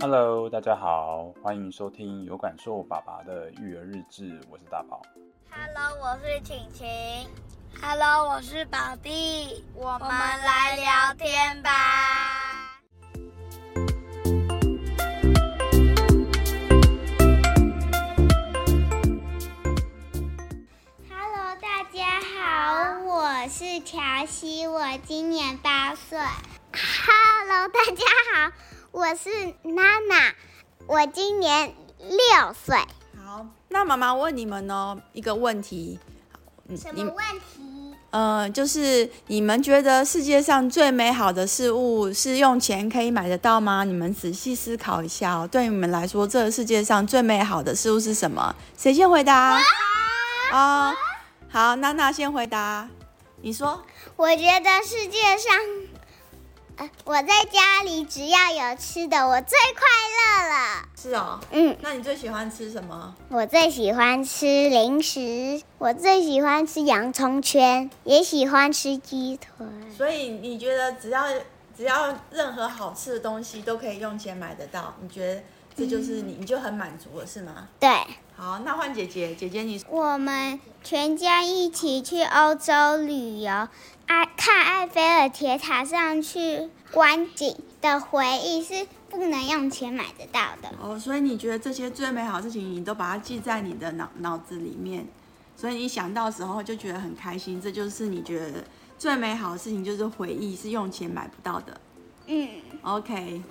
Hello，大家好，歡迎收聽有感授把拔的育兒日誌，我是大寶。Hello，我是晴晴。Hello，我是寶弟，我們來聊天吧。Hello，大家好，Hello。我是喬西，我今年八歲。Hello，大家好。我是娜娜，我今年六歲。好，那媽媽問你們哦，一個問題，什麼問題？呃，就是你們覺得世界上最美好的事物是用錢可以買得到嗎？你們仔細思考一下哦。對你們來說，這個世界上最美好的事物是什麼？誰先回答？啊！啊啊好，娜娜先回答。你說，我覺得世界上。啊，我在家裡只要有吃的，我最快樂了。是哦，嗯，那你最喜歡吃什麼？我最喜歡吃零食，我最喜歡吃洋蔥圈，也喜歡吃雞腿。所以你覺得只要只要任何好吃的東西都可以用錢買得到，你覺得這就是你你就很滿足了，嗯，是嗎？對。好，那換姐姐，姐姐你我們全家一起去歐洲旅遊看艾菲爾鐵塔上去觀景的回憶是不能用錢買得到的哦，所以你覺得這些最美好的事情，你都把它記在你的腦腦子裡面，所以你想到時候就覺得很開心，這就是你覺得最美好的事情，就是回憶是用錢買不到的。嗯，OK。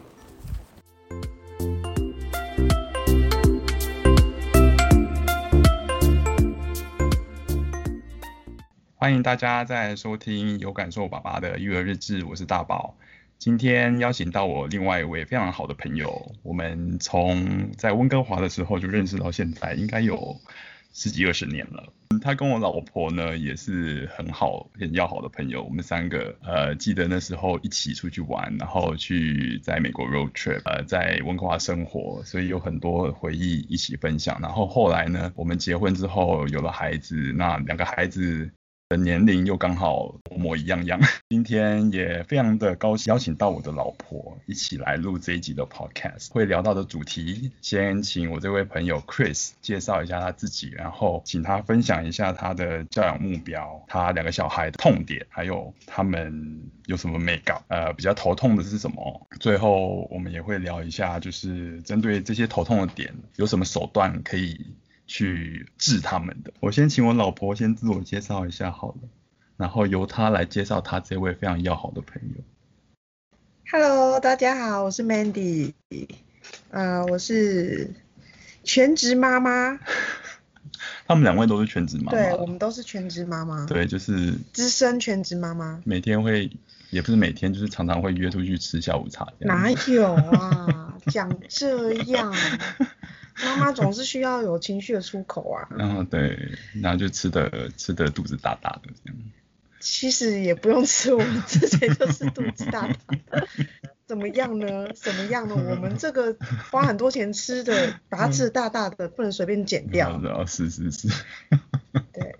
歡迎大家再收聽《有感授把拔的育兒日誌》，我是大寶。今天邀請到我另外一位非常好的朋友，我們從在溫哥華的時候就認識到現在，應該有十幾二十年了。嗯，他跟我老婆呢也是很好很要好的朋友，我們三個呃記得那時候一起出去玩，然後去在美國 road trip，呃在溫哥華生活，所以有很多回憶一起分享。然後後來呢，我們結婚之後有了孩子，那兩個孩子，的年齡又剛好模模一樣樣，今天也非常的高興邀請到我的老婆一起來錄這一集的 podcast，會聊到的主題先請我這位朋友 Chris 介紹一下他自己，然後請他分享一下他的教養目標，他兩個小孩的痛點，還有他們有什麼沒搞，呃比較頭痛的是什麼，最後我們也會聊一下就是針對這些頭痛的點有什麼手段可以。去治他們的。我先請我老婆先自我介紹一下好了，然後由她來介紹她這位非常要好的朋友。Hello，大家好，我是 Mandy，嗯，uh, 我是全職媽媽。 他們兩位都是全職媽媽。對，我們都是全職媽媽。對，就是資深全職媽媽。每天會，也不是每天，就是常常會約出去吃下午茶這樣 哪有啊，講這樣。 媽媽總是需要有情緒的出口啊，然後對，然後就吃的吃的肚子大大的這樣。其實也不用吃，我們之前就是肚子大大的，怎麼樣呢？怎麼樣呢？我們這個花很多錢吃的，把它吃的大大的，不能隨便減掉。哦，是是是。對，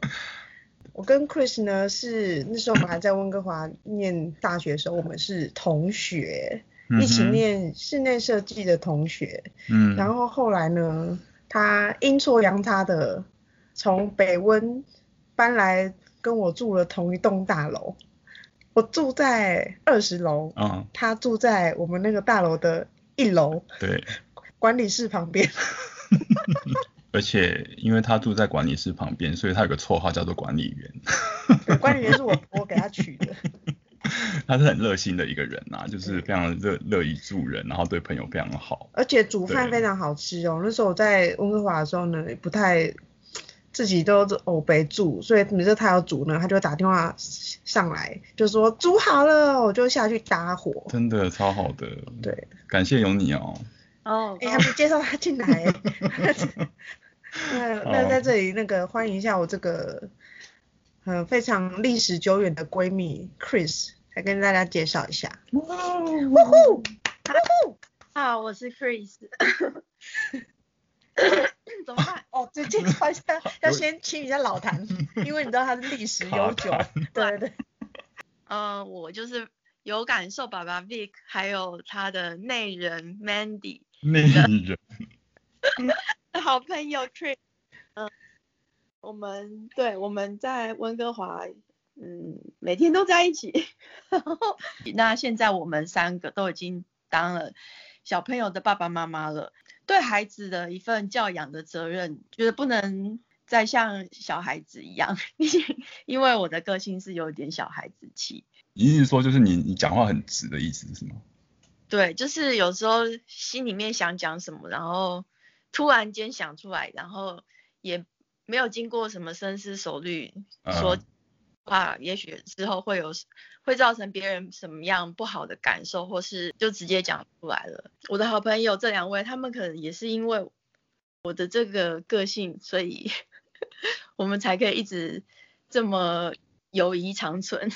我跟 Chris 呢是那時候我們還在溫哥華念大學的時候，我們是同學。 一起念室內設計的同學，嗯，然後後來呢，他陰錯陽差的從北溫搬來跟我住了同一棟大樓，我住在二十樓，嗯，他住在我們那個大樓的一樓，對，管理室旁邊。 而且因為他住在管理室旁邊，所以他有個綽號叫做管理員。 管理員是我我給他取的。 他是很熱心的一個人啊，就是非常樂，樂意助人，然後對朋友非常好，而且煮飯非常好吃哦。那時候我在溫哥華的時候呢，也不太自己都偶備煮，所以每次他要煮呢，他就打電話上來，就說煮好了，我就下去搭夥，真的超好的，對，感謝有你哦。哦、oh, 欸，哎還沒介紹他進來、欸 那，那在這裡那個歡迎一下我這個。嗯，非常歷史久遠的閨蜜 Chris 來跟大家介紹一下。嗚呼，呼，嗚呼，呼，啊，我是 Chris。啊 喔、怎麼辦？啊、哦，最近發現要先清一下老譚、啊，因為你知道他是歷史悠久。對，對對。嗯、啊，我就是有感授把拔 Vic，還有他的內人 Mandy。內人。 好朋友 Chris。我們對，我們在溫哥華，嗯，每天都在一起。然後那現在我們三個都已經當了小朋友的爸爸媽媽了，對孩子的一份教養的責任，就是不能再像小孩子一樣，因為我的個性是有點小孩子氣。你意思說就是你你講話很直的意思是嗎？對，就是有時候心裡面想講什麼，然後突然間想出來，然後也。沒有經過什麼深思熟慮說話，uh, 也許之後會有會造成別人什麼樣不好的感受，或是就直接講出來了。我的好朋友這兩位，他們可能也是因為我的這個個性，所以我們才可以一直這麼友誼長存，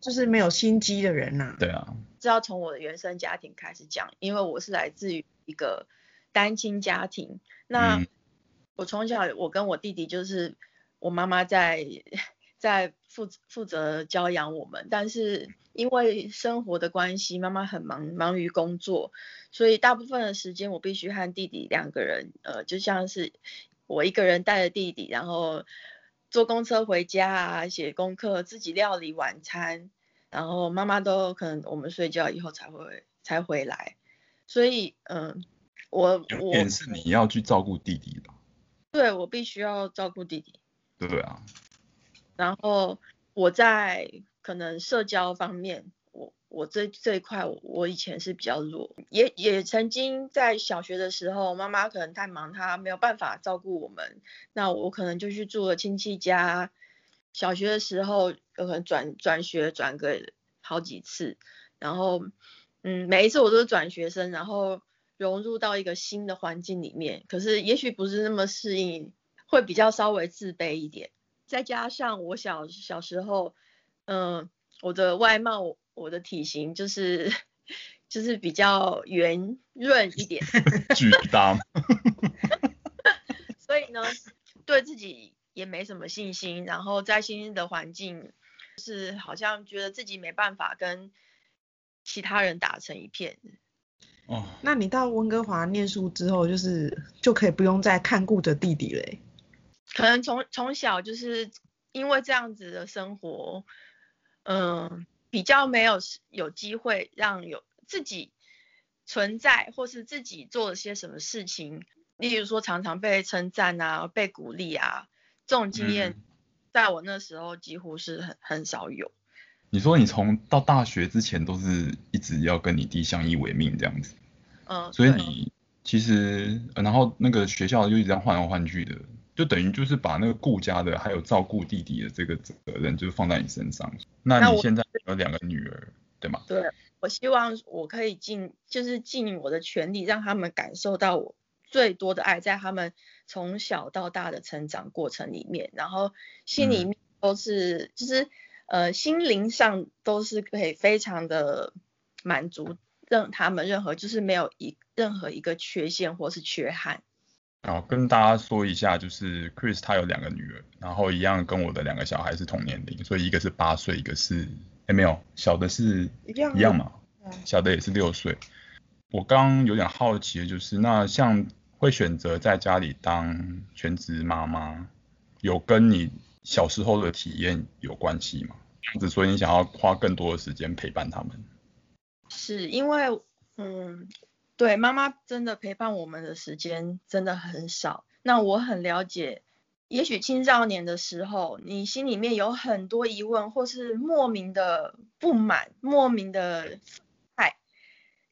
就是沒有心機的人吶、啊。對啊，這要從我的原生家庭開始講，因為我是來自於一個單親家庭，那。嗯我從小，我跟我弟弟就是我媽媽在在負負責教養我們，但是因為生活的關係，媽媽很忙忙於工作，所以大部分的時間我必須和弟弟兩個人，呃，就像是我一個人帶着弟弟，然後坐公車回家啊，寫功課，自己料理晚餐，然後媽媽都可能我們睡覺以後才會才回來，所以嗯、呃，我我是你要去照顧弟弟的。對，我必須要照顧弟弟。對啊。然後我在可能社交方面，我我這這一塊我，我以前是比較弱，也也曾經在小學的時候，媽媽可能太忙，她沒有辦法照顧我們，那我可能就去住了親戚家。小學的時候，有可能轉轉學轉個好幾次，然後嗯，每一次我都是轉學生，然後。融入到一個新的環境裡面，可是也許不是那麼適應，會比較稍微自卑一點。再加上我小小時候，嗯，我的外貌、我，我的體型就是就是比較圓潤一點，巨大， 所以呢，對自己也沒什麼信心。然後在新的環境，就是好像覺得自己沒辦法跟其他人打成一片。哦，那你到溫哥華念書之後，就是就可以不用再看顧着弟弟嘞、欸。可能從從小就是因為這樣子的生活，嗯，比較沒有有機會讓有自己存在或是自己做了些什麼事情，例如說常常被稱讚啊、被鼓勵啊，這種經驗、嗯、在我那時候幾乎是很很少有。你說你從到大學之前都是一直要跟你弟相依為命這樣子，嗯，所以你其實、呃、然後那個學校就一直這樣換來換去的，就等於就是把那個顧家的還有照顧弟弟的這個責任就是放在你身上。那你現在有兩個女兒，對嗎？對，我希望我可以盡就是盡我的全力，讓他們感受到我最多的愛，在他們從小到大的成長過程裡面，然後心裡面都是、嗯、就是。呃，心靈上都是可以非常的滿足任，任他們任何就是沒有一任何一個缺陷或是缺憾。然後跟大家說一下，就是 Chris 他有兩個女兒，然後一樣跟我的兩個小孩是同年齡，所以一個是八歲，一個是 e m、欸、沒有小的是一樣一樣嘛，小的也是六歲。我剛有點好奇的就是，那像會選擇在家裡當全職媽媽，有跟你？小時候的體驗有關係嗎？或者說你想要花更多的時間陪伴他們？是因為，嗯，對，媽媽真的陪伴我們的時間真的很少。那我很了解，也許青少年的時候，你心裡面有很多疑問，或是莫名的不滿，莫名的愛，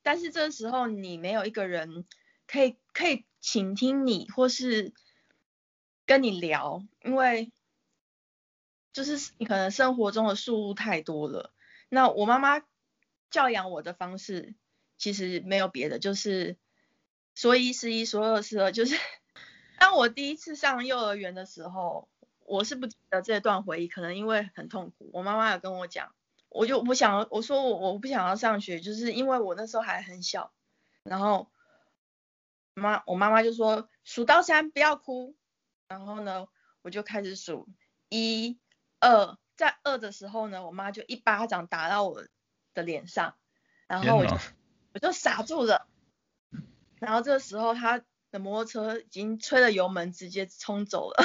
但是這時候你沒有一個人可以可以傾聽你，或是跟你聊，因為。就是你可能生活中的事物太多了。那我媽媽教養我的方式其實沒有別的，就是說一是一，說二是二。就是當我第一次上幼兒園的時候，我是不記得這段回憶，可能因為很痛苦。我媽媽有跟我講，我就不想，我說我我不想要上學，就是因為我那時候還很小。然後媽，我媽媽就說數到三不要哭。然後呢，我就開始數一。二、呃、在二的時候呢，我媽就一巴掌打到我的臉上，然後我就我就傻住了。然後這個時候他的摩托車已經吹了油門，直接衝走了。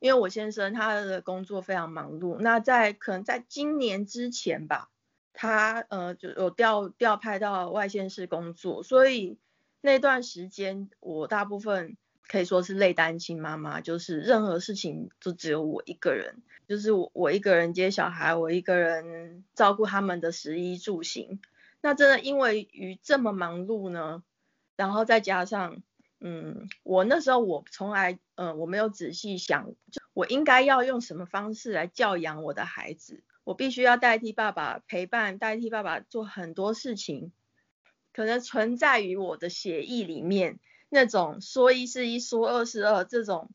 因為我先生他的工作非常忙碌，那在可能在今年之前吧。他呃就有調調派到外縣市工作，所以那段時間我大部分可以說是類單親媽媽，就是任何事情就只有我一個人，就是我,我一個人接小孩，我一個人照顧他們的食衣住行。那真的因為於這麼忙碌呢，然後再加上嗯我那時候我從來呃我沒有仔細想就我應該要用什麼方式來教養我的孩子。我必須要代替爸爸陪伴，代替爸爸做很多事情。可能存在於我的血液裡面那種說一是一說二是二這種，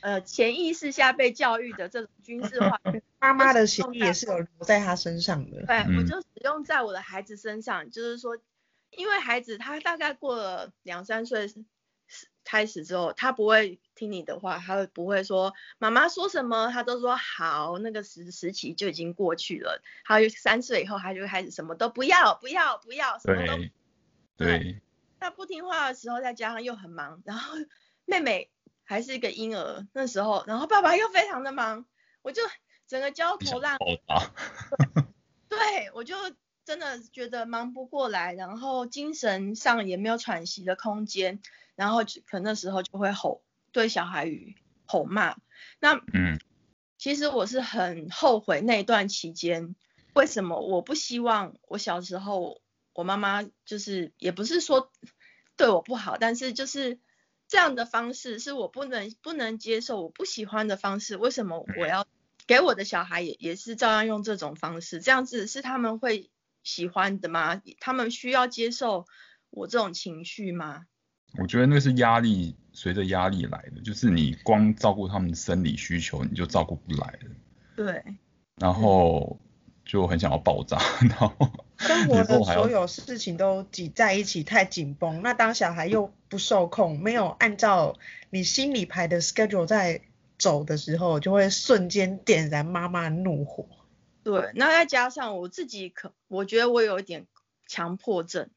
呃潛意識下被教育的這種軍事化。 媽媽的血液也是有留在他身上的。對，我就使用在我的孩子身上、嗯，就是說，因為孩子他大概過了兩三歲。開始之後，他不會聽你的話，他不會說媽媽說什麼，他都說好。那個時時期就已經過去了，他有三歲以後，他就開始什麼都不要，不要，不要，什麼都。對。對。那不聽話的時候，再加上又很忙，然後妹妹還是一個嬰兒那時候，然後爸爸又非常的忙，我就整個焦頭爛額 。對，我就真的覺得忙不過來，然後精神上也沒有喘息的空間。然後可能那時候就會吼對小孩與吼罵，那嗯，其實我是很後悔那一段期間，為什麼我不希望我小時候我媽媽就是也不是說對我不好，但是就是這樣的方式是我不能不能接受，我不喜歡的方式，為什麼我要給我的小孩也也是照樣用這種方式，這樣子是他們會喜歡的嗎？他們需要接受我這種情緒嗎？我覺得那是壓力，隨着壓力來的，就是你光照顧他們生理需求，你就照顧不來了。對。然後就很想要爆炸，然後，生活的所有事情都擠在一起，太緊繃。那當小孩又不受控，沒有按照你心裡排的 schedule 在走的時候，就會瞬間點燃媽媽怒火。對，那再加上我自己可，我覺得我有一點強迫症，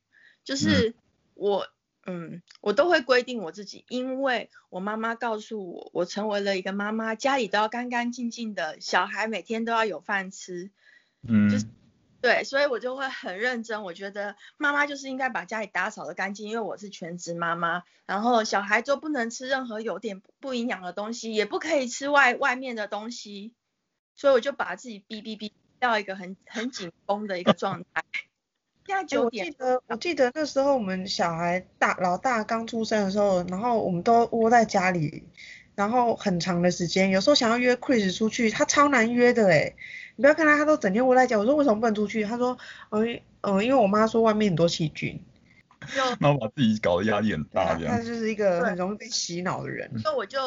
就是我。嗯嗯，我都會規定我自己，因為我媽媽告訴我，我成為了一個媽媽，家裡都要乾乾淨淨的，小孩每天都要有飯吃，嗯，就是，對，所以我就會很認真，我覺得媽媽就是應該把家裡打掃得乾淨，因為我是全職媽媽，然後小孩就不能吃任何有點不營養的東西，也不可以吃外外面的東西，所以我就把自己逼逼逼，逼到一個很很緊繃的一個狀態。啊在欸、我記得我記得那時候我們小孩大老大剛出生的時候，然後我們都窩在家裡，然後很長的時間，有時候想要約 Chris 出去，他超難約的嘞、欸。你不要看他，他都整天窩在家，我說為什麼不能出去？他說，嗯、呃、嗯，因為我媽說外面很多細菌。就媽媽把自己搞得壓力很大、這樣、啊，他就是一個很容易被洗腦的人。那我就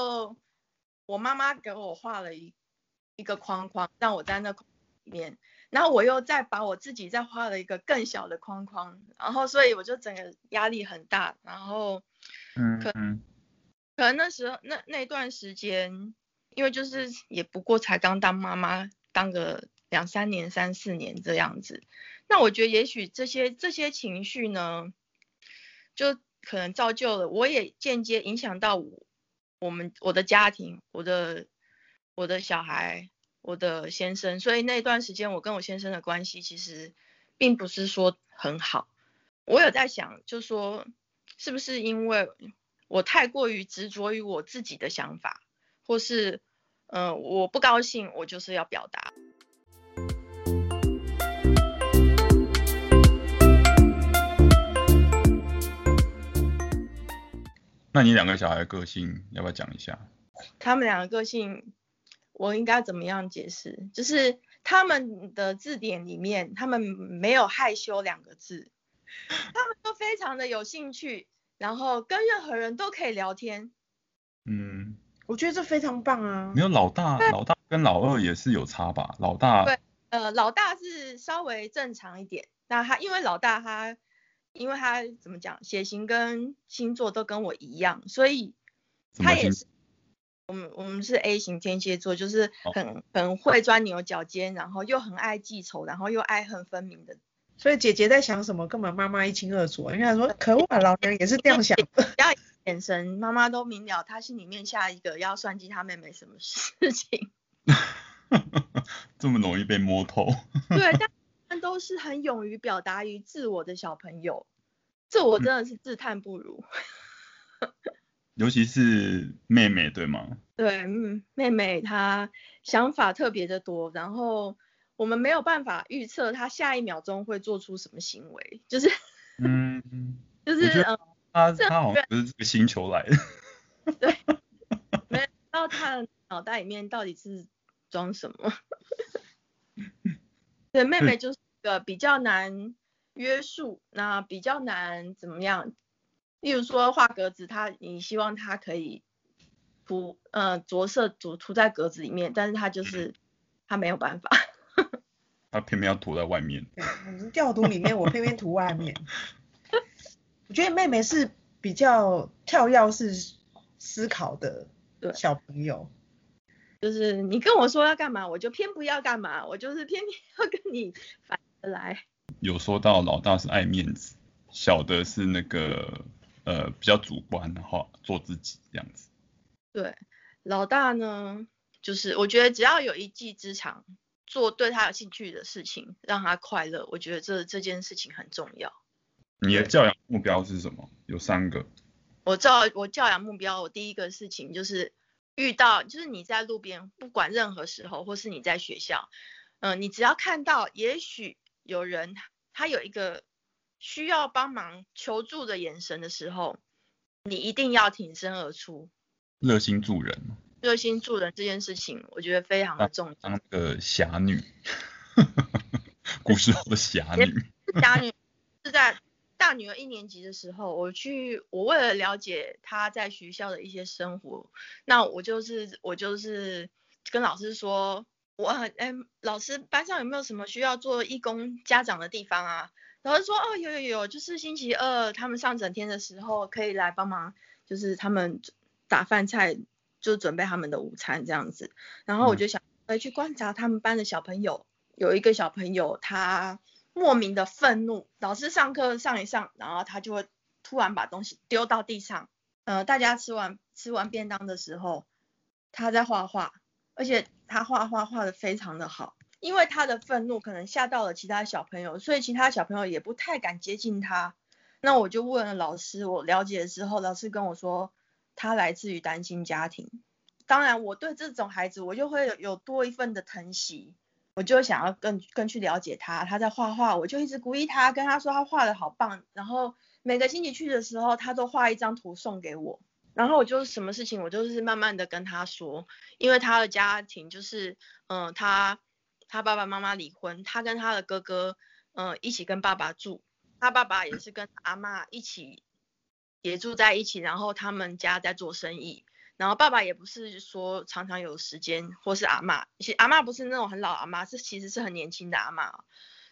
我媽媽給我畫了一一個框框，讓我在那框裡面。然後我又再把我自己再畫了一個更小的框框，然後所以我就整個壓力很大，然後，嗯，嗯，可可能那時候那那段時間，因為就是也不過才剛當媽媽，當個兩三年三四年這樣子，那我覺得也許這些這些情緒呢，就可能造就了，我也間接影響到我我們我的家庭，我的我的小孩。我的先生，所以那段時間我跟我先生的關係其實並不是說很好。我有在想，就是說是不是因為我太過於執着於我自己的想法，或是嗯，呃，我不高興，我就是要表達。那你兩個小孩的個性要不要講一下？他們兩個個性。我應該怎麼樣解釋？就是他們的字典裡面，他們沒有害羞兩個字，他們都非常的有興趣，然後跟任何人都可以聊天。嗯，我覺得這非常棒啊。沒有老大，老大跟老二也是有差吧？老大。對，呃，老大是稍微正常一點，那他因為老大他，因為他怎麼講，血型跟星座都跟我一樣，所以他也是。我們我們是 A 型天蠍座，就是很很會鑽牛角尖，然後又很愛記仇，然後又愛恨分明的。所以姐姐在想什麼，根本媽媽一清二楚。應該說，可惡啊，老娘也是這樣想。然要眼神，媽媽都明了，她心裡面下一個要算計她妹妹什麼事情。 這麼容易被摸透？ 對，但但都是很勇於表達於自我的小朋友，這我真的是自嘆不如。嗯尤其是妹妹，對嗎？對，嗯、妹妹她想法特別的多，然後我們沒有辦法預測她下一秒鐘會做出什麼行為，就是，嗯， 就是，她、嗯、她好像不是這個星球來的，對，沒，到她的腦袋裡面到底是裝什麼 ？ 對，妹妹就是一個比較難約束，那比較難怎麼樣？例如說畫格子，他你希望他可以塗，嗯、呃、着色塗塗在格子裡面，但是他就是他沒有辦法， 他偏偏要塗在外面。你調塗裡面，我偏偏塗外面。 我覺得妹妹是比較跳躍式思考的小朋友，就是你跟我說要幹嘛，我就偏不要幹嘛，我就是偏偏要跟你反着來。有說到老大是愛面子，小的是那個。 呃，比較主觀的話，做自己這樣子。對，老大呢，就是我覺得只要有一技之長，做對他有興趣的事情，讓他快樂，我覺得這這件事情很重要。你的教養目標是什麼？有三個。我教我教養目標，我第一個事情就是遇到，就是你在路邊，不管任何時候，或是你在學校，嗯、呃，你只要看到，也許有人他有一個，需要幫忙求助的眼神的時候，你一定要挺身而出。熱心助人，熱心助人這件事情，我覺得非常的重要。當個俠女， 古時候的俠女。俠女 是在大女兒一年級的時候，我去，我為了了解她在學校的一些生活，那我就是我就是跟老師說，我、欸、老師班上有沒有什麼需要做義工家長的地方啊？老師說，哦，有有有，就是星期二他們上整天的時候，可以來幫忙，就是他們打飯菜，就準備他們的午餐這樣子。然後我就想，回去觀察他們班的小朋友，有一個小朋友他莫名的憤怒，老師上課上一上，然後他就會突然把東西丟到地上。呃，大家吃完吃完便當的時候，他在畫畫，而且他畫畫畫的非常的好。因為他的憤怒可能嚇到了其他小朋友，所以其他小朋友也不太敢接近他。那我就問了老師，我了解了之後，老師跟我說他來自於單親家庭。當然，我對這種孩子，我就會有多一份的疼惜，我就想要更更去了解他。他在畫畫，我就一直鼓勵他，跟他說他畫的好棒。然後每個星期去的時候，他都畫一張圖送給我。然後我就是什麼事情，我就是慢慢的跟他說，因為他的家庭就是，嗯、呃，他。他爸爸媽媽離婚，他跟他的哥哥，嗯、呃，一起跟爸爸住。他爸爸也是跟阿嬤一起，也住在一起。然後他們家在做生意。然後爸爸也不是說常常有時間，或是阿嬤，其實阿嬤不是那種很老阿嬤，是其實是很年輕的阿嬤。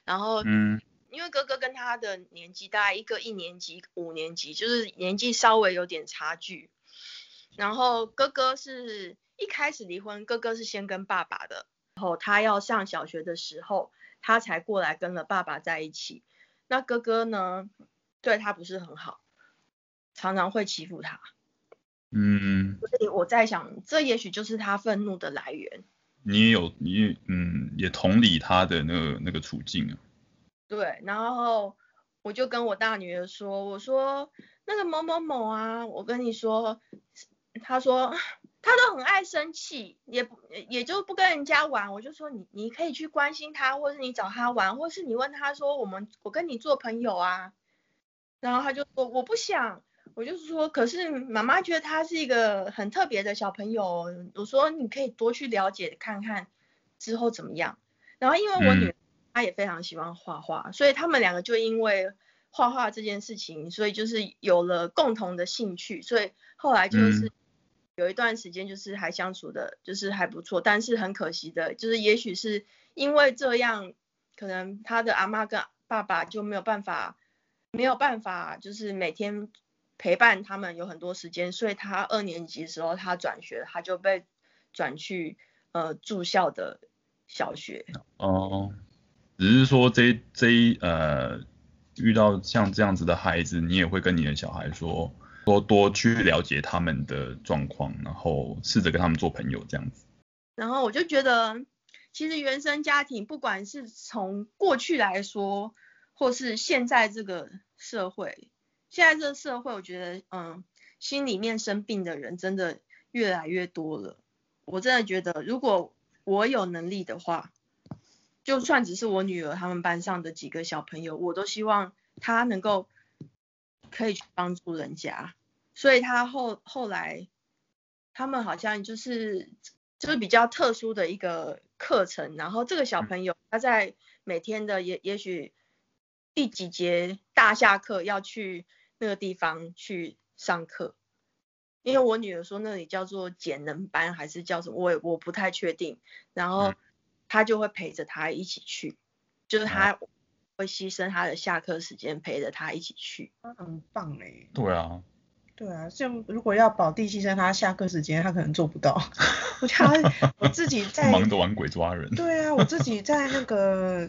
然後，嗯，因為哥哥跟他的年紀大概一個一年級，五年級，就是年紀稍微有點差距。然後哥哥是一開始離婚，哥哥是先跟爸爸的。後他要上小學的時候，他才過來跟了爸爸在一起。那哥哥呢，對他不是很好，常常會欺負他。嗯。所以我在想，這也許就是他憤怒的來源。你也有，你也，嗯，也同理他的那個那個處境啊。對，然後我就跟我大女兒說，我說那個某某某啊，我跟你說，他說。他都很愛生氣，也也就不跟人家玩。我就說你你可以去關心他，或是你找他玩，或是你問他說我們我跟你做朋友啊。然後他就說我不想。我就是說，可是媽媽覺得他是一個很特別的小朋友。我說你可以多去了解看看之後怎麼樣。然後因為我女兒她也非常喜歡畫畫，所以他們兩個就因為畫畫這件事情，所以就是有了共同的興趣，所以後來就是。有一段時間就是還相處的，就是還不錯，但是很可惜的，就是也許是因為這樣，可能他的阿媽跟爸爸就沒有辦法，沒有辦法，就是每天陪伴他們有很多時間，所以他二年級的時候他轉學，他就被轉去呃住校的小學。哦、呃，只是說這一這一呃遇到像這樣子的孩子，你也會跟你的小孩說，多多去了解他們的狀況，然後試着跟他們做朋友，這樣子。然後我就覺得，其實原生家庭，不管是從過去來說，或是現在這個社會，現在這個社會，我覺得，嗯，心裡面生病的人真的越來越多了。我真的覺得，如果我有能力的話，就算只是我女兒他們班上的幾個小朋友，我都希望他能夠可以去幫助人家。所以他後後來，他們好像就是就是比較特殊的一個課程，然後這個小朋友他在每天的也也許第幾節大下課要去那個地方去上課，因為我女兒說那裡叫做減能班還是叫什麼，我也我不太確定。然後他就會陪着他一起去，嗯、就是他會犧牲他的下課時間陪着他一起去。嗯，很棒哎！欸。對啊。對啊，像如果要保地，犧牲他下課時間，他可能做不到。我 他，我自己在 忙著玩鬼抓人。 對啊，我自己在那個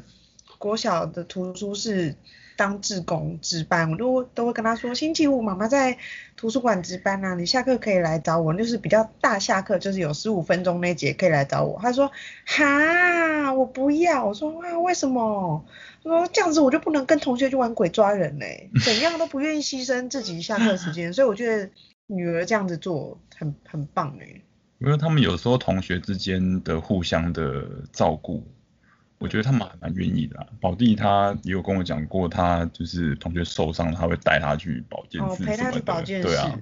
國小的圖書室。當志工值班，我都都會跟他說，星期五媽媽在圖書館值班吶、啊，你下課可以來找我，就是比較大下課，就是有十五分鐘那節可以來找我。他說，哈、啊，我不要。我說，哇、啊，為什麼？他說這樣子我就不能跟同學去玩鬼抓人嘞、欸，怎樣都不願意犧牲自己下課時間， 所以我覺得女兒這樣子做很很棒哎、欸。因為他們有時候同學之間的互相的照顧。我覺得他蠻蠻願意的。寶弟他也有跟我講過，他就是同學受傷，他會帶他去保健室。哦，陪他去保健室。對啊。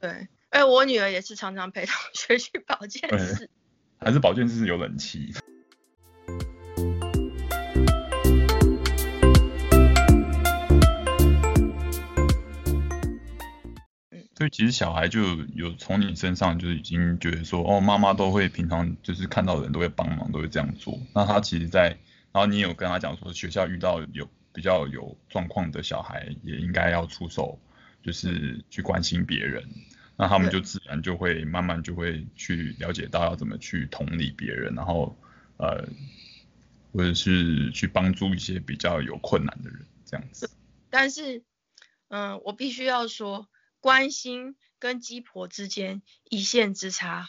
對，哎、欸，我女兒也是常常陪同學去保健室。欸，還是保健室有冷氣。其實小孩就有從你身上，就已經覺得說，哦，媽媽都會平常就是看到的人都會幫忙，都會這樣做。那他其實在，在然後你有跟他講說，學校遇到有比較有狀況的小孩，也應該要出手，就是去關心別人。那他們就自然就會慢慢就會去了解到要怎麼去同理別人，然後呃，或者是去幫助一些比較有困難的人這樣子。但是，嗯、呃，我必須要說。關心跟雞婆之間一線之差。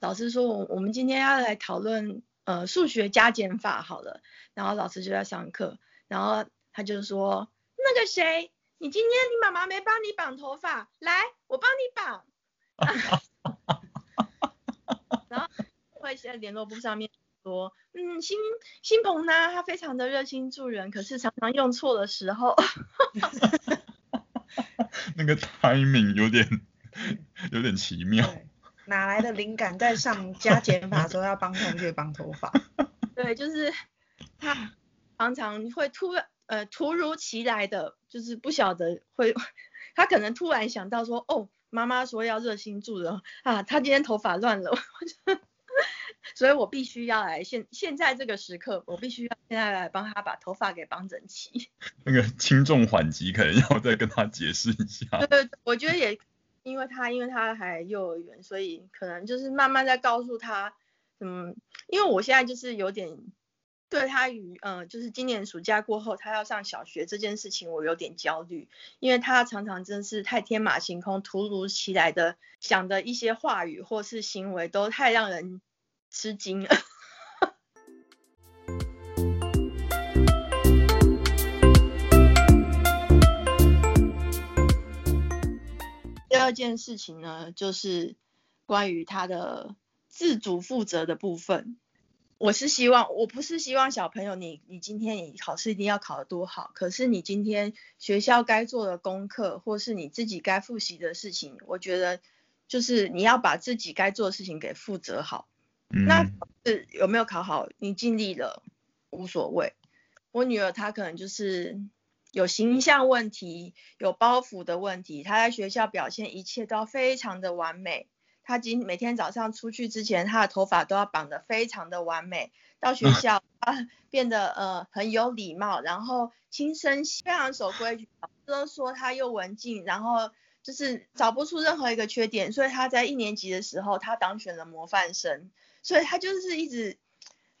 老師說，我我們今天要來討論呃數學加減法好了。然後老師就在上課，然後他就說，那個誰，你今天你媽媽沒幫你綁頭髮，來，我幫你綁。啊、 然後會寫在聯絡簿上面說，嗯，新新鵬呢、啊，他非常的熱心助人，可是常常用錯的時候。 那個 timing 有點有點奇妙，哪來的靈感在上加減法的時候要幫同學幫頭髮？ 對，就是他常常會突呃，突如其來的就是不曉得會，他可能突然想到說，哦，媽媽說要熱心助人啊，他今天頭髮亂了。所以我必須要來現現在這個時刻，我必須要現在來幫他把頭髮給綁整齊。那個輕重緩急可能要再跟他解釋一下。 對，對，對，我覺得也因為他因為他還幼兒園，所以可能就是慢慢在告訴他，嗯，因為我現在就是有點對他與嗯，就是今年暑假過後他要上小學這件事情，我有點焦慮，因為他常常真是太天馬行空、突如其來的想的一些話語或是行為都太讓人。吃驚了。 第二件事情呢，就是關於他的自主負責的部分。我是希望，我不是希望小朋友你你今天你考試一定要考得多好，可是你今天學校該做的功課，或是你自己該複習的事情，我覺得就是你要把自己該做的事情給負責好。那是有沒有考好？你盡力了，無所謂。我女兒她可能就是有形象問題，有包袱的問題。她在學校表現一切都非常的完美。她今每天早上出去之前，她的頭髮都要綁得非常的完美。到學校，她變得、嗯、呃很有禮貌，然後輕聲，非常守規矩。老師都說她又文靜，然後就是找不出任何一個缺點。所以她在一年級的時候，她當選了模範生。所以他就是一直，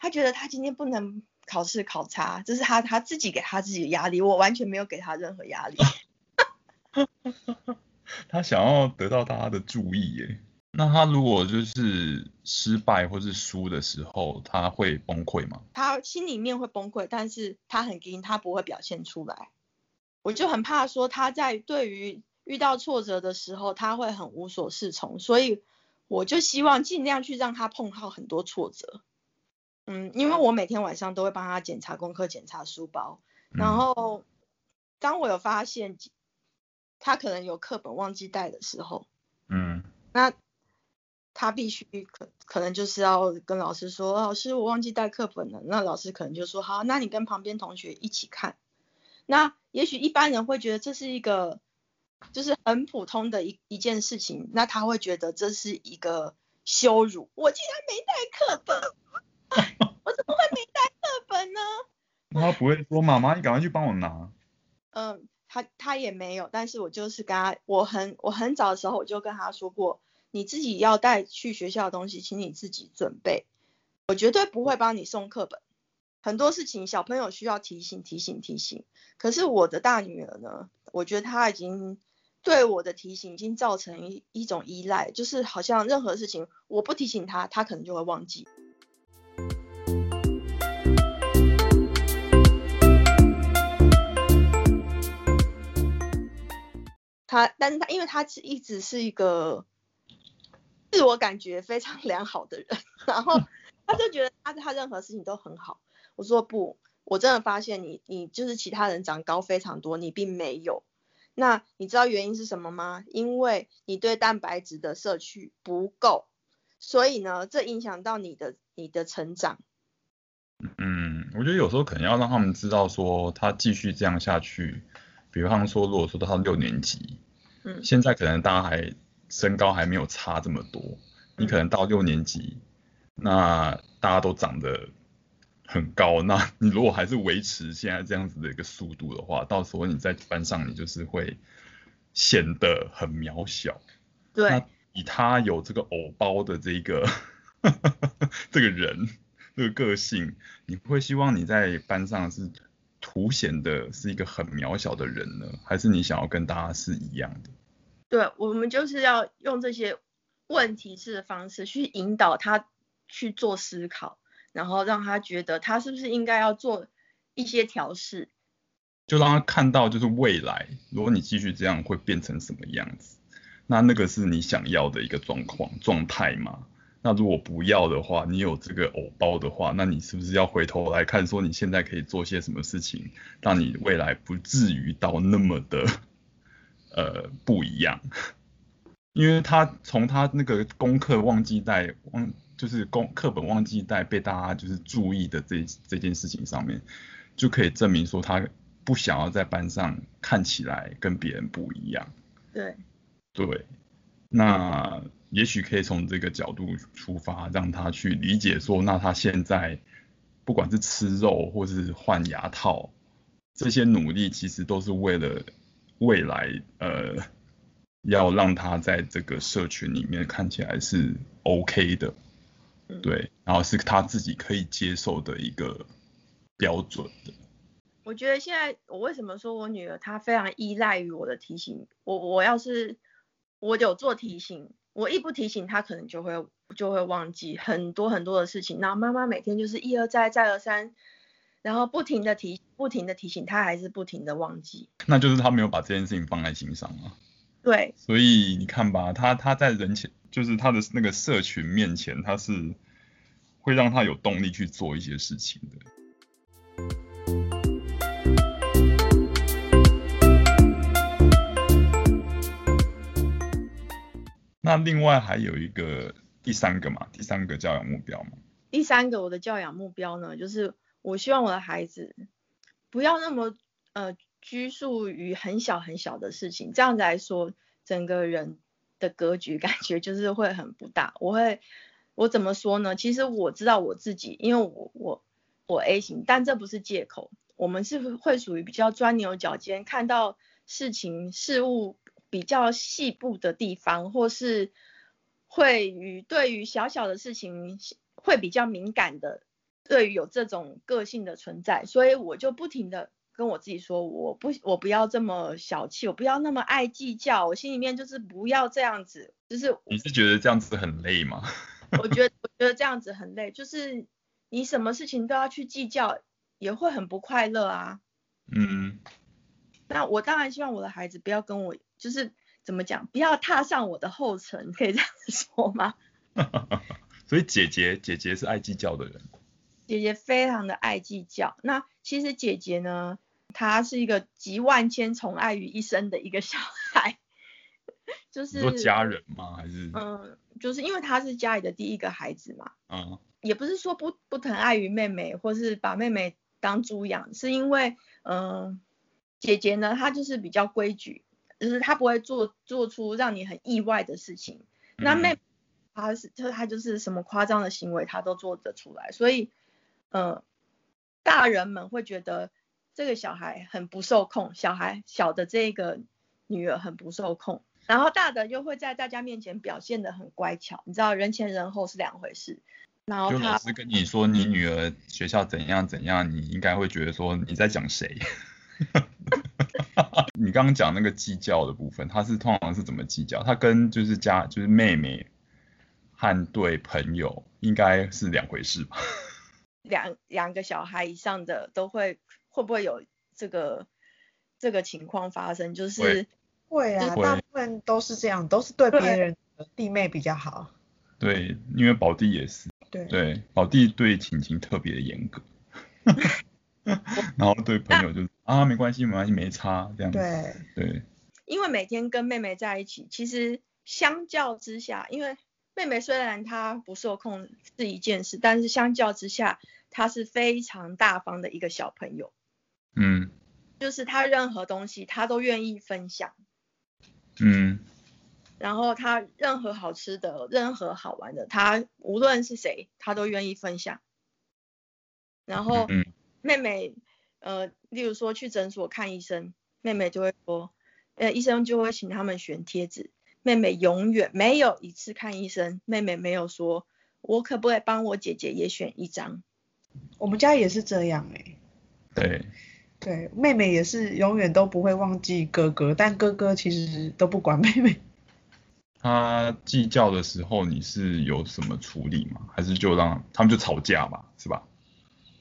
他覺得他今天不能考試考差，這是他他自己給他自己的壓力。我完全沒有給他任何壓力。 他想要得到大家的注意耶。那他如果就是失敗或是輸的時候，他會崩潰嗎？他心裡面會崩潰，但是他很硬，他不會表現出來。我就很怕說他在對於遇到挫折的時候，他會很無所適從，所以。我就希望盡量去讓他碰到很多挫折，嗯，因為我每天晚上都會幫他檢查功課、檢查書包，然後當我有發現他可能有課本忘記帶的時候，嗯，那他必須可可能就是要跟老師說，老師我忘記帶課本了，那老師可能就說好，那你跟旁邊同學一起看，那也許一般人會覺得這是一個。就是很普通的一一件事情，那他會覺得這是一個羞辱，我竟然沒帶課本， 我怎麼會沒帶課本呢？他不會說媽媽，你趕快去幫我拿。嗯，他他也沒有，但是我就是跟他，我很我很早的時候我就跟他說過，你自己要帶去學校的東西，請你自己準備，我絕對不會幫你送課本。很多事情小朋友需要提醒提醒提醒，可是我的大女兒呢，我覺得她已經。對我的提醒已經造成一一種依賴，就是好像任何事情我不提醒他，他可能就會忘記。他，但是他因為他一直是一個自我感覺非常良好的人，然後他就覺得他他任何事情都很好。我說不，我真的發現你你就是其他人長高非常多，你並沒有。那你知道原因是什麼嗎？因為你對蛋白質的攝取不夠，所以呢，這影響到你的你的成長。嗯，我覺得有時候可能要讓他們知道說，他繼續這樣下去，比方說，如果說到他六年級，嗯，現在可能大家還身高還沒有差這麼多，你可能到六年級，嗯、那大家都長得。很高，那你如果還是維持現在這樣子的一個速度的話，到時候你在班上你就是會顯得很渺小。對。以他有這個偶包的這個呵呵呵這個人這個個性，你不會希望你在班上是凸顯的是一個很渺小的人呢？還是你想要跟大家是一樣的？對，我們就是要用這些問題式的方式去引導他去做思考。然後讓他覺得他是不是應該要做一些調適，就讓他看到就是未來，如果你繼續這樣會變成什麼樣子，那那個是你想要的一個狀況狀態嗎？那如果不要的話，你有這個偶包的話，那你是不是要回頭來看說你現在可以做些什麼事情，讓你未來不至於到那麼的呃不一樣？因為他從他那個功課忘記帶忘。就是功課本忘記帶被大家就是注意的這這件事情上面，就可以證明說他不想要在班上看起來跟別人不一樣。對，對，那也許可以從這個角度出發，讓他去理解說，那他現在不管是吃肉或是換牙套，這些努力其實都是為了未來，呃，要讓他在這個社群裡面看起來是 OK 的。對，然後是他自己可以接受的一個標準的。我覺得現在我為什麼說我女兒她非常依賴於我的提醒，我我要是我有做提醒，我一不提醒她，可能就會就會忘記很多很多的事情。然後媽媽每天就是一而再再而三，然後不停的提不停的提醒，她還是不停的忘記。那就是她沒有把這件事情放在心上啊。對。所以你看吧，她她在人前。就是他的那個社群面前，他是會讓他有動力去做一些事情的。那另外還有一個第三個嘛，第三個教養目標嘛。第三個我的教養目標呢，就是我希望我的孩子不要那麼呃，拘束於很小很小的事情，這樣子來說，整個人的格局感覺就是會很不大，我會我怎麼說呢？其實我知道我自己，因為我我我 A 型，但這不是借口。我們是會屬於比較鑽牛角尖，看到事情事物比較細部的地方，或是會與對於小小的事情會比較敏感的，對於有這種個性的存在，所以我就不停的。跟我自己說，我不，我不要這麼小氣，我不要那麼愛計較，我心裡面就是不要這樣子，就是你是覺得這樣子很累嗎？ 我覺得我覺得這樣子很累，就是你什麼事情都要去計較，也會很不快樂啊。嗯，嗯，那我當然希望我的孩子不要跟我，就是怎麼講，不要踏上我的後塵，可以這樣說嗎？ 所以姐姐，姐姐是愛計較的人。姐姐非常的愛計較，那其實姐姐呢？他是一個集萬千寵愛於一身的一個小孩， 就是家人嗎？還是嗯、呃，就是因為他是家裡的第一個孩子嘛。嗯、uh -huh.，也不是說不不疼愛於妹妹，或是把妹妹當豬養，是因為嗯、呃，姐姐呢，她就是比較規矩，就是她不會做做出讓你很意外的事情。那妹，妹、uh -huh. 她是就是她就是什麼誇張的行為她都做得出來，所以嗯、呃，大人們會覺得。這個小孩很不受控，小孩小的這個女兒很不受控，然後大的又會在大家面前表現得很乖巧，你知道人前人後是兩回事。然後就老師跟你說你女兒學校怎樣怎樣，你應該會覺得說你在講誰？ 你剛剛講那個計較的部分，他是通常是怎麼計較？他跟就是家就是妹妹和對朋友應該是兩回事吧？兩兩個小孩以上的都會。會不會有這個這個情況發生？就是會啊，大部分都是這樣，都是對別人的弟妹比較好。對，因為寶弟也是。對。對，寶弟對親情特別嚴格， 然後對朋友就是、 啊沒關係，沒關係，沒差這樣子。對對。因為每天跟妹妹在一起，其實相較之下，因為妹妹雖然她不受控是一件事，但是相較之下，她是非常大方的一個小朋友。嗯，就是他任何東西他都願意分享。嗯，然後他任何好吃的、任何好玩的，他無論是誰，他都願意分享。然後，嗯，妹妹，呃，例如說去診所看醫生，妹妹就會說，呃，醫生就會請他們選貼紙，妹妹永遠沒有一次看醫生，妹妹沒有說，我可不可以幫我姐姐也選一張？我們家也是這樣誒，對。對，妹妹也是永遠都不會忘記哥哥，但哥哥其實都不管妹妹。她計較的時候，你是有什麼處理嗎？還是就讓他們就吵架吧，是吧？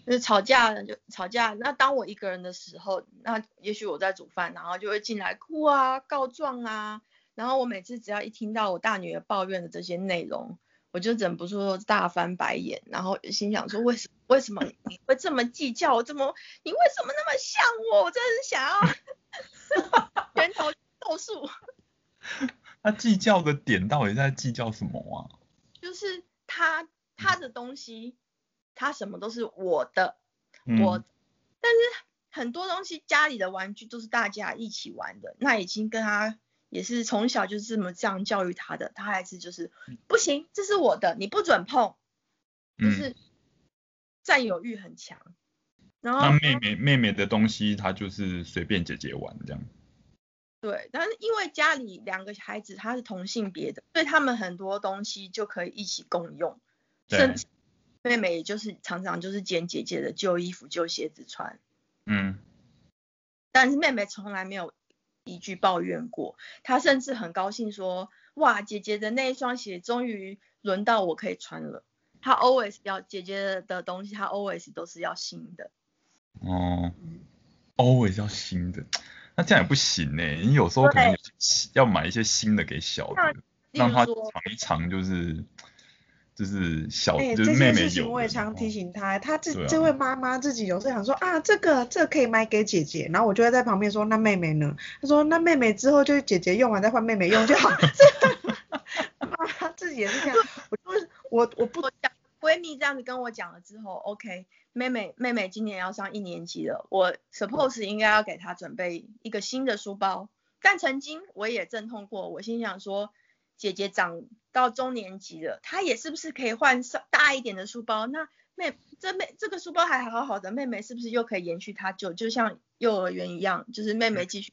就是、吵架，就吵架。那當我一個人的時候，那也許我在煮飯，然後就會進來哭啊、告狀啊。然後我每次只要一聽到我大女兒抱怨的這些內容，我就忍不住大翻白眼，然後心想說：為什麼，為什麼你會這麼計較？我麼你為什麼那麼像我？我真的是想要源頭倒數。 他計較的點到底在計較什麼啊？就是他他的東西，他什麼都是我的，嗯、我的，但是很多東西家裡的玩具都是大家一起玩的，那已經跟他，也是從小就是這麼這樣教育他的，他還是就是不行，這是我的，你不准碰，嗯、就是占有欲很強。然後他妹妹妹妹的東西，他就是隨便姐姐玩這樣。對，但是因為家裡兩個孩子他是同性別的，所以他們很多東西就可以一起共用，甚至妹妹就是常常就是撿姐姐姐的舊衣服、舊鞋子穿。嗯。但是妹妹從來沒有，一句抱怨過，他甚至很高興說：“哇，姐姐的那一雙鞋終於輪到我可以穿了。”他 always 要姐姐的東西，他 always 都是要新的。哦，嗯，always 要新的，那這樣也不行哎。你有時候可能要買一些新的給小的，讓他嘗一嘗，就是。就是小、欸，就是妹妹就。這些事情我也常提醒她，她、哦、自、啊、這位媽媽自己有時候想說啊，這個這個、可以買給姐姐，然後我就在旁邊說，那妹妹呢？她說那妹妹之後就姐姐用完再換妹妹用就好。媽 媽 自己也是這樣，我就是、我我不閨蜜 這樣子跟我講了之後，OK，妹妹妹妹今年要上一年級了，我 suppose 應該要給她準備一個新的書包，但曾經我也陣痛過，我心想說。姐姐長到中年級了，她也是不是可以換上大一點的書包？那妹這妹這個書包還好好的，妹妹是不是又可以延續她舊，就像幼兒園一樣，就是妹妹繼續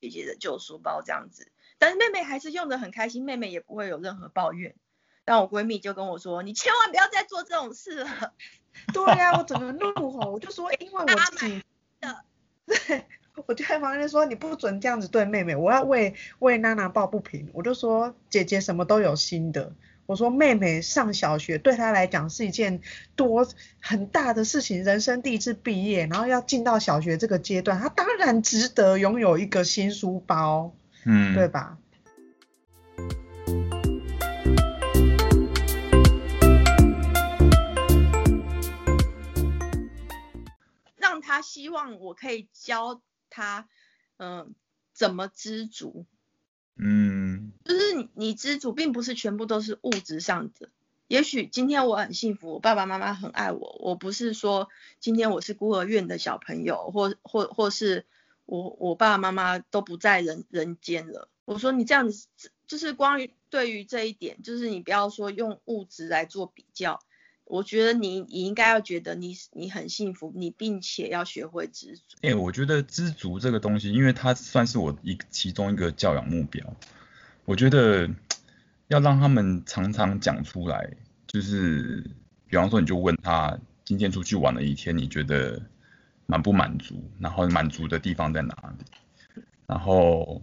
姐姐的舊書包這樣子。但是妹妹還是用的很開心，妹妹也不會有任何抱怨。但我閨蜜就跟我說：“你千萬不要再做這種事了。”對呀、啊，我整個怒吼，我就說：“哎、因為我自己的。」對。”我就在旁邊說：“你不准這樣子對妹妹，我要為為娜娜抱不平。”我就說：“姐姐什麼都有新的。”我說：“妹妹上小學對她來講是一件多很大的事情，人生第一次畢業，然後要進到小學這個階段，她當然值得擁有一個新書包，嗯，對吧？”讓她希望我可以教。他嗯、呃，怎麼知足？嗯，就是你你知足，並不是全部都是物質上的。也許今天我很幸福，我爸爸媽媽很愛我。我不是說今天我是孤兒院的小朋友，或或或是我我爸爸媽媽都不在人人間了。我說你這樣子，就是關於對於這一點，就是你不要說用物質來做比較。我覺得你你應該要覺得你你很幸福，你並且要學會知足。哎、欸，我覺得知足這個東西，因為它算是我一其中一個教養目標。我覺得要讓他們常常講出來，就是比方說，你就問他今天出去玩了一天，你覺得滿不滿足？然後滿足的地方在哪裡？然後。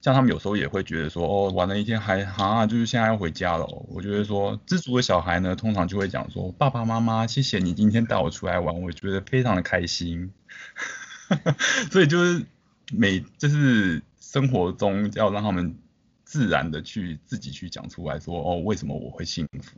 像他們有時候也會覺得說，哦，玩了一天還好啊，就是現在要回家了，哦。我覺得說，知足的小孩呢，通常就會講說，爸爸媽媽，謝謝你今天帶我出來玩，我覺得非常的開心。 所以就是每就是生活中要讓他們自然的去自己去講出來說，哦，為什麼我會幸福？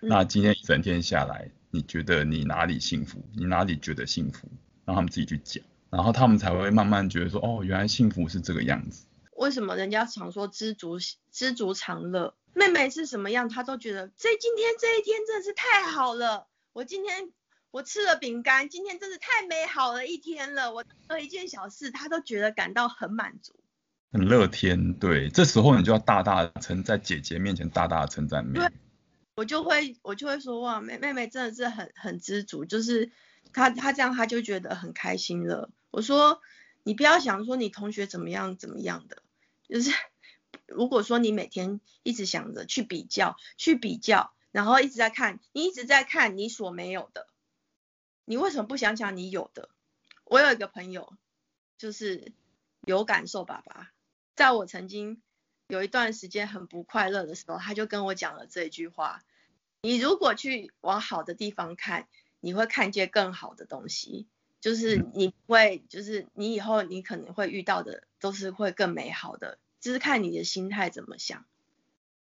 那今天一整天下來，你覺得你哪裡幸福？你哪裡覺得幸福？讓他們自己去講，然後他們才會慢慢覺得說，哦，原來幸福是這個樣子。為什麼人家常說知足知足常樂？妹妹是什麼樣，她都覺得這今天這一天真的是太好了。我今天我吃了餅乾，今天真是太美好了一天了。我做一件小事，她都覺得感到很滿足，很樂天。對，這時候你就要大大的稱在姐姐面前大大的稱讚妹妹。對，我就會我就會說哇，妹妹妹真的是很很知足，就是她她這樣她就覺得很開心了。我說你不要想說你同學怎麼樣怎麼樣的。就是，如果說你每天一直想着去比較，去比較，然後一直在看，你一直在看你所沒有的，你為什麼不想想你有的？我有一個朋友，就是有感授把拔，在我曾經有一段時間很不快樂的時候，他就跟我講了這一句話，你如果去往好的地方看，你會看見更好的東西。就是你會、嗯，就是你以後你可能會遇到的都是會更美好的，就是看你的心態怎麼想。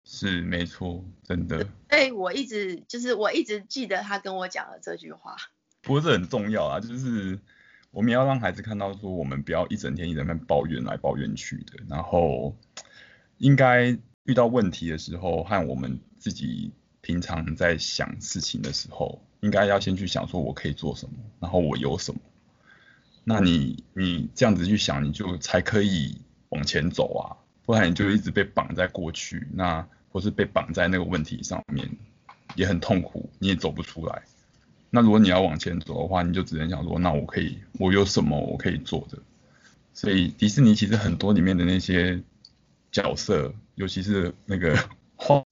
是沒錯，真的。對，我一直就是我一直記得他跟我講的這句話。不過這很重要啊，就是我們要讓孩子看到說，我們不要一整天一整天抱怨來抱怨去的，然後應該遇到問題的時候和我們自己平常在想事情的時候，應該要先去想說我可以做什麼，然後我有什麼。那你你這樣子去想，你就才可以往前走啊，不然你就一直被綁在過去，那或是被綁在那個問題上面，也很痛苦，你也走不出來。那如果你要往前走的話，你就只能想說，那我可以，我有什麼我可以做的。所以迪士尼其實很多裡面的那些角色，尤其是那個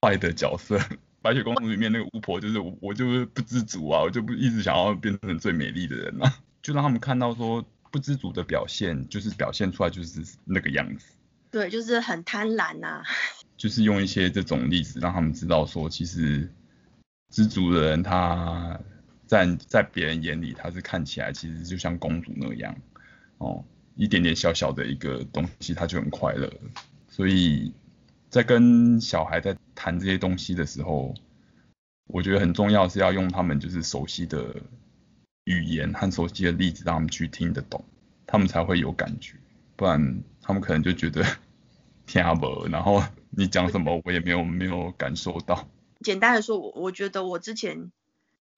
壞的角色，白雪公主裡面那個巫婆，就是我就是不知足啊，我就不一直想要變成最美麗的人啊。就讓他們看到說不知足的表現，就是表現出來就是那個樣子。對，就是很貪婪吶。就是用一些這種例子讓他們知道說，其實知足的人他在在別人眼裡他是看起來其實就像公主那樣哦，一點點小小的一個東西他就很快樂。所以在跟小孩在談這些東西的時候，我覺得很重要是要用他們就是熟悉的。語言和熟悉的例子，讓他們去聽得懂，他們才會有感覺，不然他們可能就覺得聽不懂，然後你講什麼我也沒有，沒有感受到。簡單的說，我我覺得我之前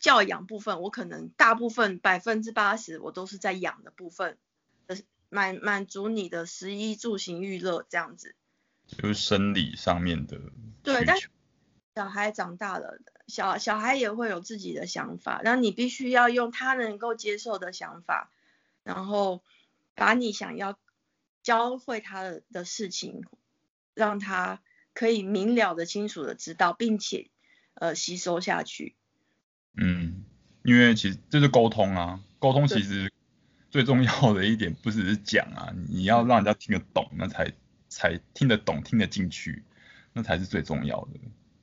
教養部分，我可能大部分百分之八十我都是在養的部分，滿滿足你的食衣住行育樂這樣子，就是生理上面的。對，但是小孩長大了。小小孩也會有自己的想法，然後你必須要用他能夠接受的想法，然後把你想要教會他的事情，讓他可以明了的、清楚的知道，並且呃吸收下去。嗯，因為其實這是溝通啊，溝通其實最重要的一點不只是講啊，你要讓人家聽得懂，那才才聽得懂、聽得進去，那才是最重要的。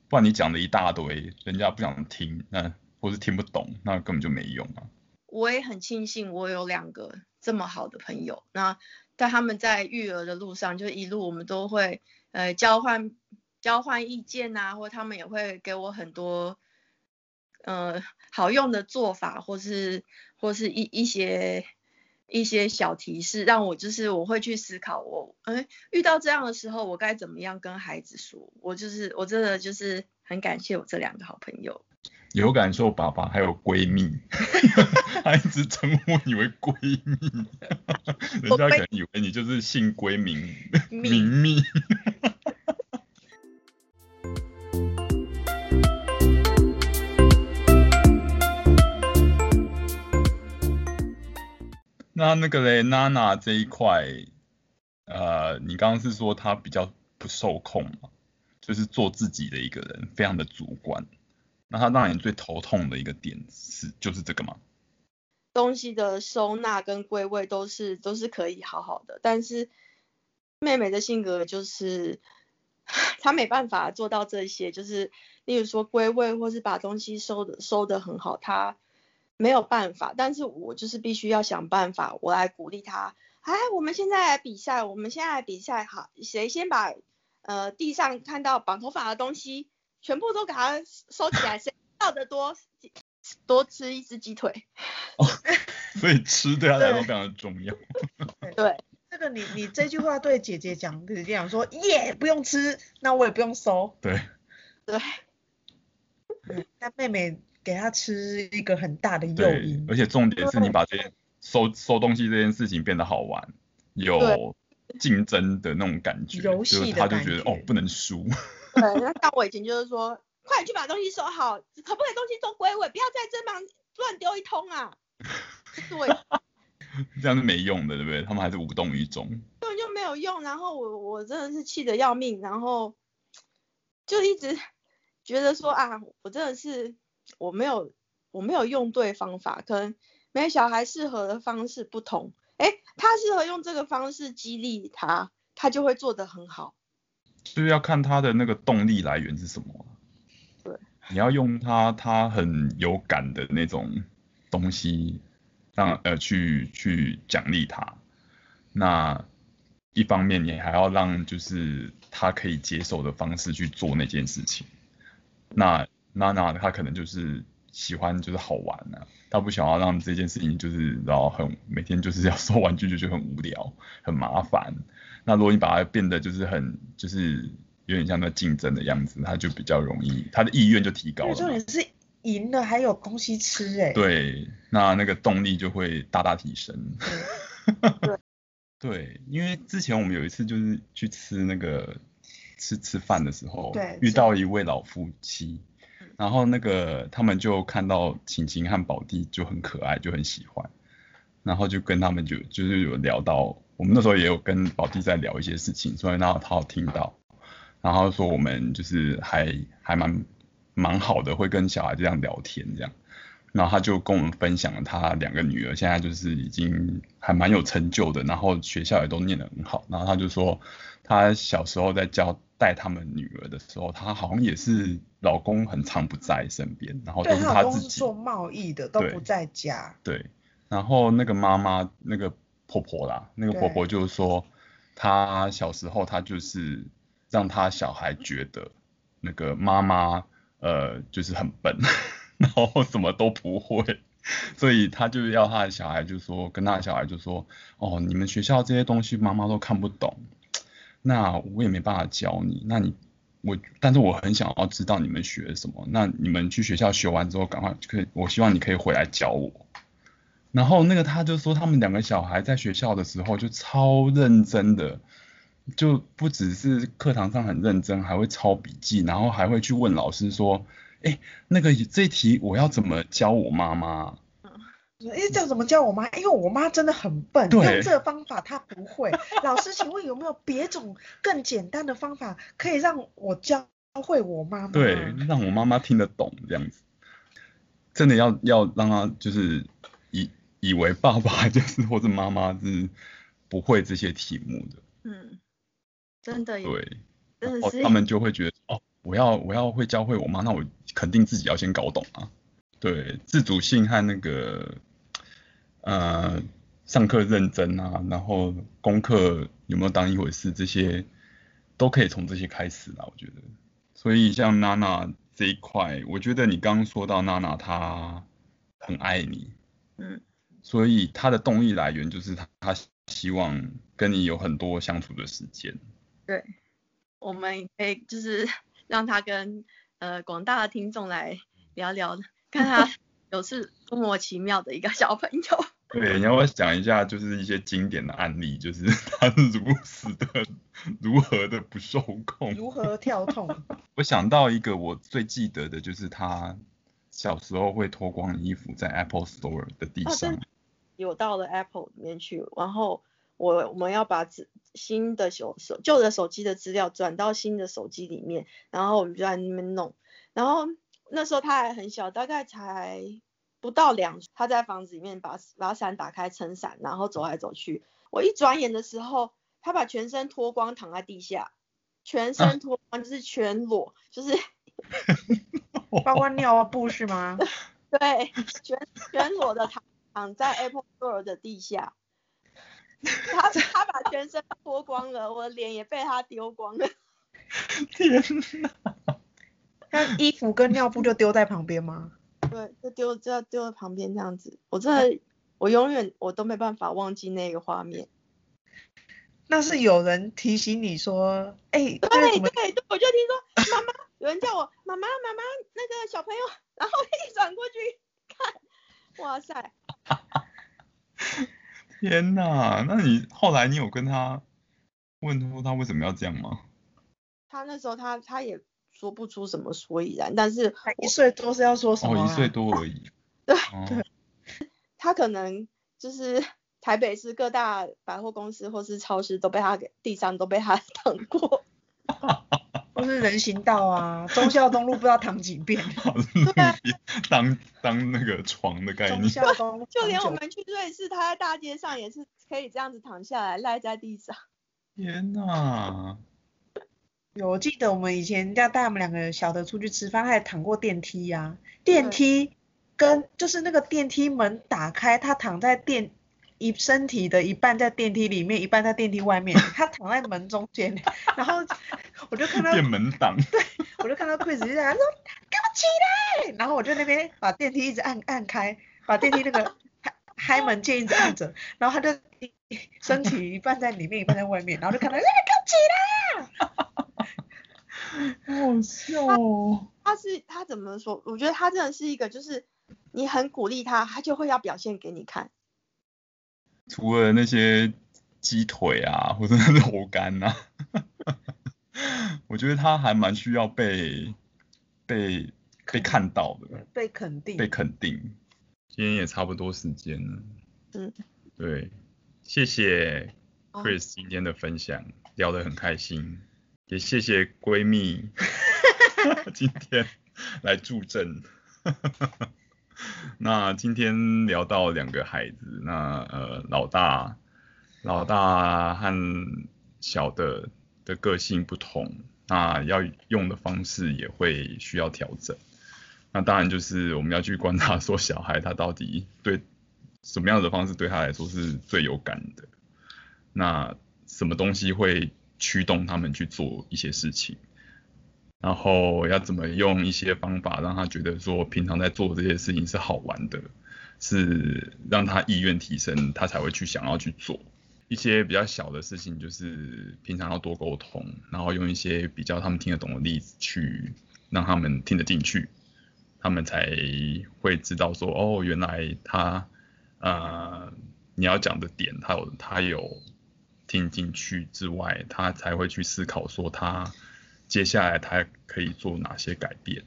不然你講了一大堆，人家不想聽，那或是聽不懂，那根本就沒用啊。我也很慶幸我有兩個這麼好的朋友，那但他們在育兒的路上，就一路我們都會呃交換交換意見啊，或他們也會給我很多呃好用的做法，或是或是一一些。一些小提示，讓我就是我會去思考、哦，我、欸，遇到這樣的時候，我該怎麼樣跟孩子說？我就是我真的就是很感謝我這兩個好朋友，有感授把拔還有閨蜜，孩子稱呼你為閨蜜， 人家可能以為你就是姓閨，名蜜。 明 那那個咧，娜娜這一塊，呃，你剛剛是說她比較不受控嘛，就是做自己的一個人，非常的主觀。那她讓你最頭痛的一個點是，就是這個嗎？東西的收納跟歸位都是都是可以好好的，但是妹妹的性格就是她沒辦法做到這些，就是例如說歸位或是把東西收的收得很好，她。沒有辦法，但是我就是必須要想辦法，我來鼓勵他。哎，我們現在來比賽，我們現在來比賽，哈，誰先把呃地上看到綁頭髮的東西全部都給他收起來，誰要的多， 多吃一隻雞腿。哦，所以吃對他來說 非常重要。 對，這、那個你你這句話對姐姐講， 姐、姐姐講說耶，不用吃，那我也不用收。對。對。嗯，但妹妹。給他吃一個很大的誘因，對，而且重點是你把這些收收東西這件事情變得好玩，有競爭的那種感覺，遊戲的感覺，他就覺得哦不能輸。對，那到我以前就是說， 快點去把東西收好，可不可以東西都歸位，不要在這邊亂丟一通啊？對， 這樣是沒用的，對不對？他們還是無動於衷，根本就沒有用。然後我我真的是氣得要命，然後就一直覺得說啊，我真的是。我沒有，我沒有用對方法，可能每個小孩適合的方式不同。哎、欸，他適合用這個方式激勵他，他就會做得很好。就是要看他的那個動力來源是什麼。對，你要用他他很有感的那種東西，讓呃去去獎勵他。那一方面你還要讓就是他可以接受的方式去做那件事情。那。娜娜她可能就是喜歡就是好玩呢、啊，她不想要讓這件事情就是然後很每天就是要收玩具就就很無聊很麻煩。那如果你把它變得就是很就是有點像那競爭的樣子，他就比較容易他的意願就提高了。重點是贏了還有東西吃誒、欸，對，那那個動力就會大大提升。對，對 對，因為之前我們有一次就是去吃那個吃吃飯的時候，對，遇到一位老夫妻。然後那個他們就看到晴晴和寶弟就很可愛，就很喜歡，然後就跟他們就就是有聊到，我們那時候也有跟寶弟在聊一些事情，所以然後他聽到，然後說我們就是還還蠻蠻好的，會跟小孩這樣聊天這樣，然後他就跟我們分享了他兩個女兒現在就是已經還蠻有成就的，然後學校也都念得很好，然後他就說他小時候在教。帶他們女兒的時候，她好像也是老公很常不在身邊，然後都是她自己做貿易的，都不在家。對。對。然後那個媽媽，那個婆婆啦，那個婆婆就是說，她小時候她就是讓她小孩覺得那個媽媽呃就是很笨，然後什麼都不會，所以她就要她的小孩就說，跟她的小孩就說哦，你們學校這些東西媽媽都看不懂。那我也沒辦法教你，那你我，但是我很想要知道你們學什麼。那你們去學校學完之後，趕快可以，我希望你可以回來教我。然後那個他就說，他們兩個小孩在學校的時候就超認真的，就不只是課堂上很認真，還會抄筆記，然後還會去問老師說，誒，那個這題我要怎麼教我媽媽？哎、欸，這樣怎麼教我媽？因為我媽真的很笨，但這個方法她不會。 老師，請問有沒有別種更簡單的方法，可以讓我教會我媽媽？對，讓我媽媽聽得懂這樣子，真的要要讓她就是以以為爸爸就是或者媽媽是不會這些題目的。嗯，真的。對，但是他們就會覺得哦，我要我要會教會我媽，那我肯定自己要先搞懂啊。對，自主性和那個，呃，上課認真啊，然後功課有沒有當一回事，這些都可以從這些開始啦。我覺得，所以像娜娜這一塊，我覺得你剛剛說到娜娜她很愛你，嗯，所以她的動力來源就是她她希望跟你有很多相處的時間。對，我們可以就是讓她跟呃廣大的聽眾來聊聊。看 他有是多麼奇妙的一個小朋友。對，你要我想一下，就是一些經典的案例，就是他是如此的 如何的不受控，如何跳痛。 我想到一個我最記得的，就是他小時候會脫光衣服在 Apple Store 的地上。有、啊、到了 Apple 裡面去，然後我我們要把新的手手舊的手機的資料轉到新的手機裡面，然後我們就在那邊弄，然後。那時候他還很小，大概才不到兩歲。他在房子裡面把把傘打開撐傘，然後走來走去。我一轉眼的時候，他把全身脫光，躺在地下，全身脫光就是全裸，啊、就是。包 括尿布是嗎？ 對，全全裸的躺躺在 Apple Store 的地下。他他把全身脫光了，我臉也被他丟光了。 天哪。那衣服跟尿布就丟在旁邊嗎？ 對，就丟，就要丟在旁邊這樣子。我真的，我永遠我都沒辦法忘記那個畫面。 那是有人提醒你說，哎、欸，對對對，我就聽說媽媽 有人叫我媽媽媽媽那個小朋友，然後一轉過去看，哇塞！ 天哪，那你後來你有跟他問說他為什麼要這樣嗎？他那時候他他也。說不出什麼所以然，但是一歲多是要說什麼？一歲多而已。啊、對對、哦，他可能就是台北市各大百貨公司或是超市都被他給，地上都被他躺過，都 是人行道啊，忠孝東路不知道躺幾遍， 對啊、 當當那個床的概念。忠孝東，就連我們去瑞士，他在大街上也是可以這樣子躺下來賴在地上。天哪、啊！有我記得我們以前家帶我們兩個小的出去吃飯，他還躺過電梯呀、啊。電梯跟就是那個電梯門打開，他躺在電一身體的一半在電梯裡面，一半在電梯外面。他躺在門中間， 然後我就看到電門擋，對我就看到 Chris 就在，他說給我起來，然後我就那邊把電梯一直按按開，把電梯那個開門鍵一直按着，然後他就身體一半在裡面， 一半在外面，然後就看到那個給我起來。好笑哦！他是他怎麼說？我覺得他真的是一個，就是你很鼓勵他，他就會要表現給你看。除了那些雞腿啊，或者是肉乾吶、啊， 我覺得他還蠻需要被被可以看到的，被肯定，被肯定。今天也差不多時間了，嗯，對，謝謝 Chris 今天的分享，哦、聊得很開心。也謝謝閨蜜 今天來助陣。 那今天聊到兩個孩子，那呃老大、老大和小的的個性不同，那要用的方式也會需要調整。那當然就是我們要去觀察說小孩他到底對什麼樣的方式對他來說是最有感的，那什麼東西會？驅動他們去做一些事情，然後要怎麼用一些方法讓他覺得說平常在做這些事情是好玩的，是讓他意願提升，他才會去想要去做一些比較小的事情，就是平常要多溝通，然後用一些比較他們聽得懂的例子去讓他們聽得進去，他們才會知道說哦，原來他啊、呃，你要講的點他有他有。聽進去之外，他才會去思考說他接下來他可以做哪些改變。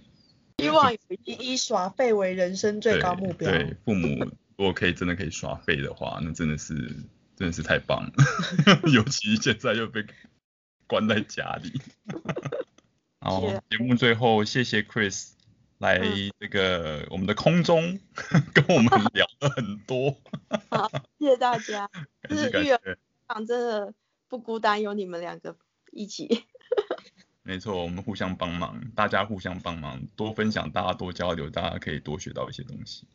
希望以一一耍廢為人生最高目標。對，對父母，如果可以真的可以耍廢的話，那真的是真的是太棒了， 尤其現在又被關在家裡。 然後節目最後，謝謝 Chris 來這個我們的空中 跟我們聊了很多。 好，謝謝大家，真的不孤單，有你們兩個一起。 沒錯，我們互相幫忙，大家互相幫忙，多分享，大家多交流，大家可以多學到一些東西。